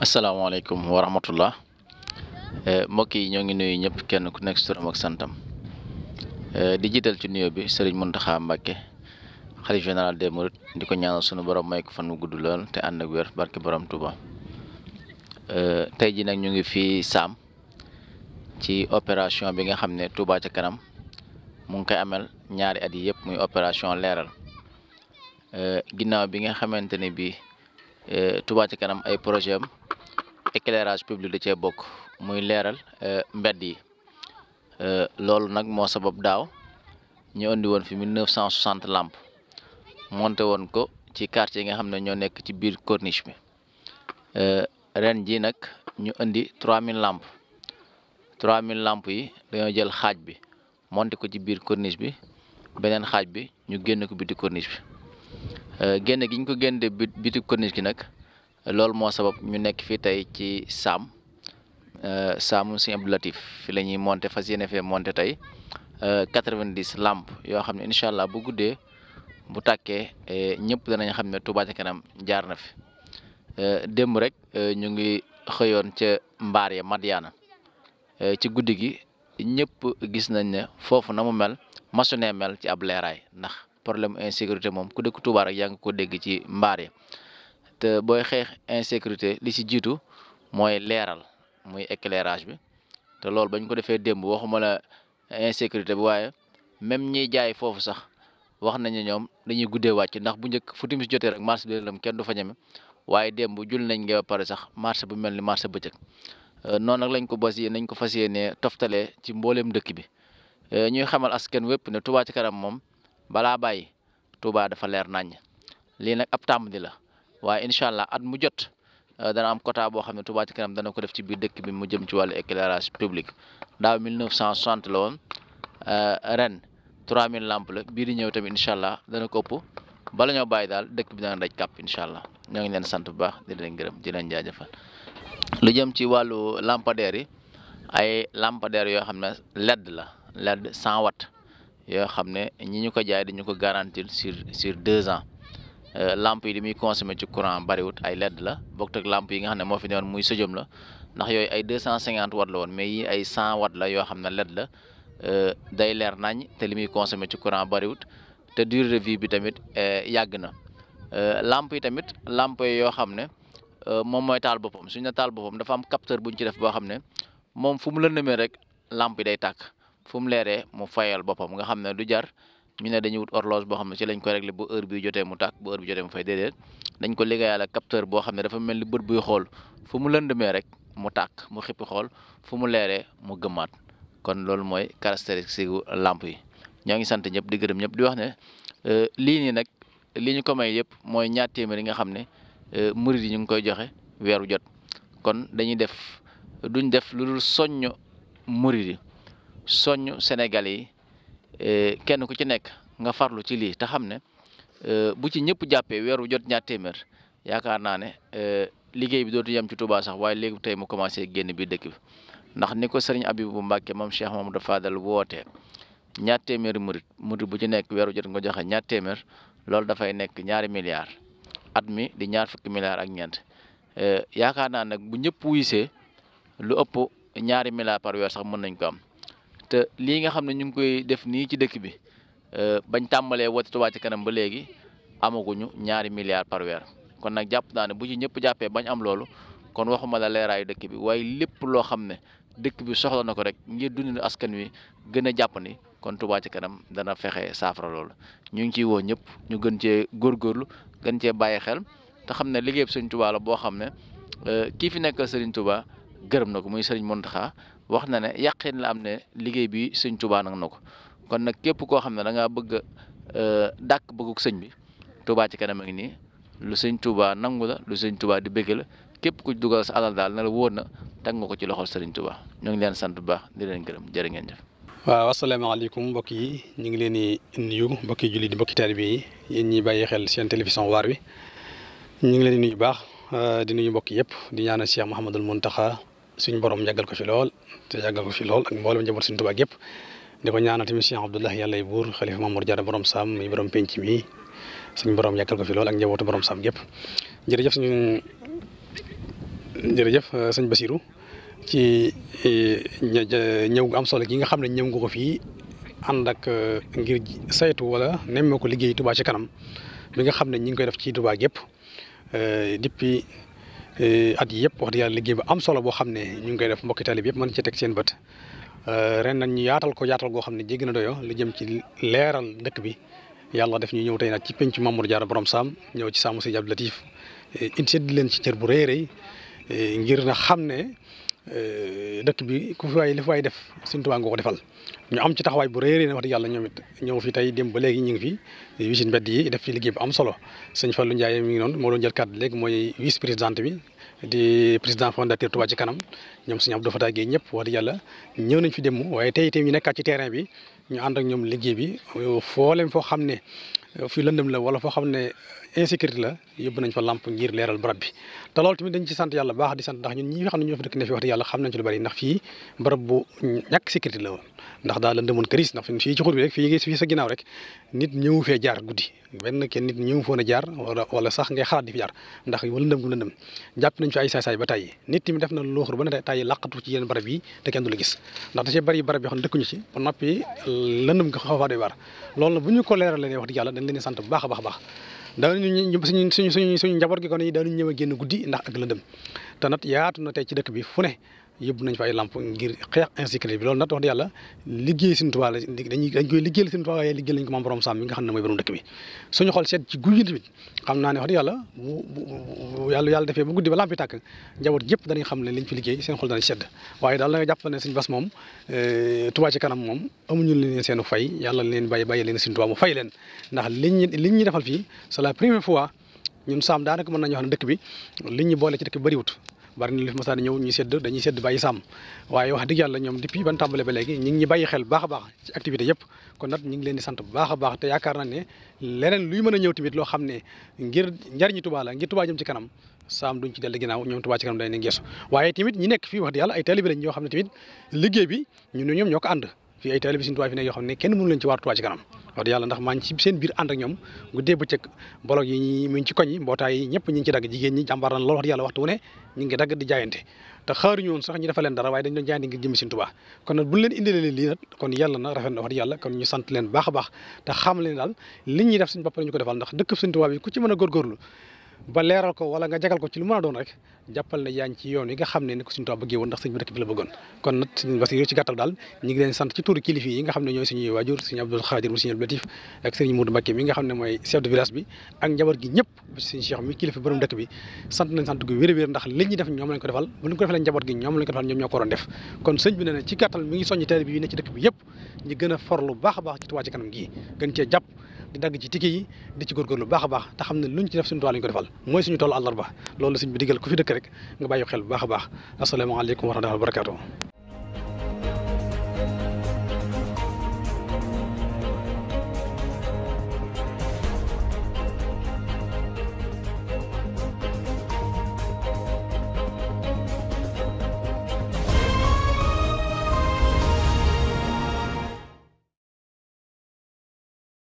asalaamaaleykum wa rahmatullah eh, mbokk yi ñoo ngi nuyu ñëpp kenn ku nekk si ak santam eh, di jiital ci nuyoo bi sëriñ Muntaxa Mbàkke xalif général des mourides di ko ñaanal sunu borom may ko fan wu gudd lool te ànd ak wér barke borom Touba eh, tey ji nag ñu ngi fii saam ci opération bi nga xam ne Touba ca kanam mu ngi koy amal ñaari at yi yëpp muy opération leeral ginnaaw bi nga xamante ne bi Touba ca kanam ay projet am éclairage public da cee bokk muy leeral euh, mbedd yi euh, loolu nag moo sabab daaw ñu indi woon fi 1960 làmp monté woon ko ci quartier yi nga xam ne ñoo nekk ci biir corniche bi euh, ren ji nag ñu indi 3000 làmp mille làmp yi dañoo jël xaaj bi moonte ko ci biir corniche bi beneen xaaj bi ñu génn ko biti corniche bi génn gi ñu ko génn de biti corniche gi nag loolu moo sabab ñu nekk fii tey ci saam euh, saamu Sëñ Abdou Latif fi la ñuy monter fas yéene fee monter tey euh, quatre-vingt-dix yoo xam ne incha allah bu guddee bu tàkkee euh, ñëpp danañ xam ne Touba ca kanam jaar na fi démb rek ñu ngi xëyoon ca mbaar yi Madiana ci guddi gi ñëpp gis nañ ne foofu na mu mel masu ne mel ci ab leeraay ndax problème insécurité moom ku dëkk Touba rek yaa ngi ko dégg ci mbaar ya te booy xeex insécurité li ci jiitu mooy leeral muy éclairage bi te loolu bañ ko defee démb waxuma la insécurité bi waaye même ñiy jaay foofu sax wax nañu ñoom dañuy guddee wàcc ndax bu njëkk fu timis jotee rek marché bi lëndëm kenn du fa ñeme waaye démb jul nañ nga pare sax marché bu mel ni marché bëccëg euh, noonu nag lañ ko bas yi nañ ko fas yéenee toftalee ci mbooleem dëkk bi euh, ñuy xamal askan wépp ne Touba ci kanam moom balaa bàyyi Touba dafa leer naññ lii nag ab tàmm di la waaye incha allah at mu jot euh, dana am quota boo xam ne Touba ci kanam dana ko def ci biir dëkk bi mu jëm ci wàllu éclairage public daaw 1960 la woon euh, ren 3000 lampes la bii di ñëw tamit incha allah dana ko ëpp bala ñoo bàyyi daal dëkk bi dana daj kàpp incha allah ñoo ngi leen sant bu baax di leen gërëm di leen jaajëfal lu jëm ci wàllu lampadaires yi ay lampadaires yoo xam ne LED la LED cent watt yoo xam ne ñi ñu ko jaay dañu ko garantir sur sur deux ans Euh, lamp yi li muy consommé ci courant bariwut ay LED la bokkut ak lamp yi nga xam ne moo fi newoon muy sodium la ndax yooyu ay deux la yoo xam ne LED la euh, day leer nañ te li muy consommé ci courant bariwut te durée de bi tamit euh, yàgg na lamp yi tamit lamp yoo xam ne moom mooy taal boppam suñ ne taal boppam dafa am capteur buñ ci def boo xam ne moom fu mu lëndëmee rek lamp yi day tàkk fu mu leeree mu fayal boppam nga xam ne du jar ñu ne dañuy wut horloge boo xam ne ci lañ ko réglé bu heure bi jotee mu tàkk bu heure bi jotee mu fay déedéet dañ ko liggéeyal ak capteur boo xam ne dafa mel ni bët buy xool fu mu mee rek mu tàkk mu xippi xool fu mu leeree mu gëmmaat kon loolu mooy caractéristique gu lamp yi ñoo ngi sant ñëpp di gërëm ñëpp di wax ne euh, lii nii nag li ñu ko may yëpp mooy ñaar téeméer yi nga xam ne euh, murid yi ñu ngi koy joxe weeru jot kon dañuy def duñ def lu dul soññ murid yi soññ Sénégal yi Eh, kenn ku ci nekk nga farlu ci lii te xam ne eh, bu ci ñëpp jàppee weeru jot ñaar téeméer yaakaar naa ne eh, liggéey bi dootu yem ci Touba sax waaye léegi tey mu commencé génn biir dëkk ndax ni ko sëriñ Abibu Mbàkke moom Cheikh Mamadou Fadal wootee ñaar téeméeri murit murit bu ci nekk weeru jot nga joxe ñaar téeméer loolu dafay nekk ñaari milliards at mi di ñaar fukki milliards ak ñeent yaakaar naa nag bu ñëpp wuysee lu ëpp ñaari milliards par weer sax mën nañ ko am te lii nga xam ne ñu ngi koy def nii ci dëkk bi euh, bañ tàmbalee woote Touba ci kanam ba léegi amaguñu ñaari milliards par weer kon nag jàpp naa ne bu ci ñëpp jàppee bañ am loolu kon waxuma la leeraayu dëkk bi waaye lépp loo xam ne dëkk bi soxla na ko rek ngir dundinu askan wi gën a jàpp ni kon Touba ci kanam dana fexe saafara loolu ñu ngi ciy woo ñëpp ñu gën cee góorgóorlu gën cee bàyyi xel te xam ne liggéey bi Sëriñ Touba la boo xam ne euh, kii fi nekk Sëriñ Touba gërëm na ko muy Sëriñ Mountakha wax na ne yàqin la am ne liggéey bi sëñ Touba nag na ko kon nag képp koo xam ne da ngaa bëgg a euh, dàkk bëgguk sëñ bi Touba ci kanam a ngi nii lu sëñ Touba nangu la lu sëñ Touba di bëgg la képp ku dugal sa alal daal na la wóor na teg nga ko ci loxol sëriñ Touba ñu ngi leen sant bu baax di leen gërëm jërë ngeen jëf. waaw asalaamaaleykum mbokk yi ñu ngi leen di nuyu mbokki jullit di mbokki taalibe yi yéen ñi bàyyi xel seen télévision waar wi ñu ngi leen di nuyu baax euh, di nuyu mbokk yëpp di ñaanal Cheikh Mouhamadul Mountakha suñu borom yàggal ko fi lool te yàggal ko fi lool ak mboolem njaboot suñu Tuubaa yëpp di ko ñaanal tamit Cheikh Abdoulahi yàlla buur xalifa Mamour Diarra borom saam mi borom penc mi suñu borom yàggal ko fi lool ak njabootu borom saam yëpp jërëjëf suñu jërëjëf euh, sëñ Basirou ci e, ñëw gu am solo gi nga xam ne ñëw nga ko fii ànd ak euh, ngir saytu wala nemmee ko liggéey Touba ci kanam bi nga xam ne ñi ngi koy def ci Touba gépp euh, depuis Eh, at yi yëpp wax dëgg yàlla liggéey bu am solo boo xam ne ñu ngi koy def mbokki talib yëpp mën ci teg seen bët eh, ren nag ñu yaatal ko yaatal goo xam ne jéggi na doyo li jëm ci leeral dëkk bi yàlla def ñu ñëw tey nag ci penc Mamour Diarra borom saam ñëw ci saamu si Abdou Latif eh, in sedd leen ci cër bu rëy rëy ngir na xam ne Euh, dëkk bi ku fi waay li fi waay def Sëñ Tuubaa nga defal ñu am ci taxawaay bu réeré na wax dëgg yàlla ñoom it ñëw fi tey dem ba léegi mi ngi noonu moo doon jël kàddu léegi mooy vice présidente bi di président fondateur ñëw fi dem waaye tey itam ñu nekkaat ci terrain bi ñu ànd ak ñoom liggéey bi foo leen foo xam ne fi lëndëm la wala foo xam ne insécurité la yóbbu nañ fa lamp ngir leeral barab bi te loolu tamit dañ ci sant yàlla baax di sant ndax ñun ñi nga xam ne ñoo fi dëkk ne fi wax dëgg yàlla xam nañ nit ñëwu jaar guddi benn kenn nit ñëwu foon jaar wala wala sax ngay xalaat di fi jaar ndax lëndëm gu lëndëm jàpp nañ fi ay saay-saay ba tàyyi nit tamit def na looxur ba ne tàyyi làqatu ci yenn barab yi te kenn du la gis ndax da cee bari barab yoo xam ne dëkkuñu ci ba noppi lëndëm nga xaw faa doy waar loolu bu ñu ko leeralee wax dëgg yàlla dañ sant bu baax a baax daanuñu ñu suñu suñu suñu njaboot gi kon dañuy ñëw a génn guddi ndax ak lëndëm te nag yaatu na tey ci dëkk bi fu ne yépp nañ fa ay lamp ngir xeex insécurité bi loolu nag wax dëgg yàlla liggéey Sëriñ Tuubaa la dañuy dañ koy liggéeyal liggéey lañ ko moom borom sàmm mi nga xam ne mooy borom dëkk bi suñu xool ne wax dëgg yàlla defee ba lamp yi tàkk njaboot yëpp danañ xam ne liñ fi liggéey seen xol dana sedd waaye daal da nga jàpp ne Sëriñ Bass moom euh, Tuubaa ci kanam moom amuñu leen seenu fay yàlla leen bàyyi bàyyi leen Sëriñ Tuubaa mu fay leen ndax liñ liñ ñuy defal fii c'est la première fois ñun saam daanaka mën nañu wax ne dëkk bi liñ ñu boole ci dëkk bi bariwut bari na li fi masaan ñëw ñu sedd dañuy sedd bàyyi sàmm waaye wax dëgg yàlla ñoom depuis ban tàmbale ba léegi ñu ñi bàyyi xel baax a baax ci activité yëpp kon nag ñu leen sant baax a baax te yaakaar na ne leneen luy mën a ñëw tamit loo xam ne ngir njariñu Tuubaa la ngir Tuubaa jëm ci kanam saam duñ ci dellu ginnaaw ñoom Tuubaa ci kanam dañ ne geesu waaye tamit ñi nekk fii wax dëgg yàlla ay taalibe lañ ñoo xam ne tamit liggéey bi ñun ñoom ñoo ko fi nekk kenn mënu leen ci waar Tuubaa wax dëgg yàlla ndax maa ngi ci seen biir ànd ak ñoom guddee bëccëg bolog yi mu ngi ci koñ mbootaay yi ñëpp ñu ngi ci dagg jigéen ñi jàmbaar na lool wax dëgg yàlla waxtu wu ne ñu ngi dagg di jaayante te xaaruñu woon sax ñu defal leen dara waaye dañ doon jaayante ngir jëm Sëriñ Tuubaa kon nag leen indilee lii nag kon yàlla na rafet na wax yàlla kon ñu sant leen baax a baax te xam leen daal li ñuy def suñ bopp ñu ko defal ndax dëkk Sëriñ Tuubaa bi ku ci mën a góorgóorlu ba leeral ko wala nga jagal ko ci lu mën a doon rek jàppal na yaa ci yoon yi nga xam ne ni ko suñu Tuubaa bëggee woon ndax sëñ bi ne ñooy suñuy waajur sëñ Abdul Xaadir ne mooy chef de village bi ak njaboot gi ñëpp sëñ Cheikh mi kilifa borom dëkk bi sant nañ def ñoo ko waroon def kon sëñ bi ne na ci gàttal dëkk bi yëpp ñu gën a forlu baax a baax ci Tuubaa ci kanam gi gën cee jàpp di dagg ci tike yi di ci góorgóorlu bu baax a baax te xam ne luñ ci def suñu tool lañ ko defal mooy suñu tool àllarba loolu suñ bi digal ku fi dëkk rek nga bàyyi xel baax a baax asalaamaaleykum wa rahmatulah wa barakaatu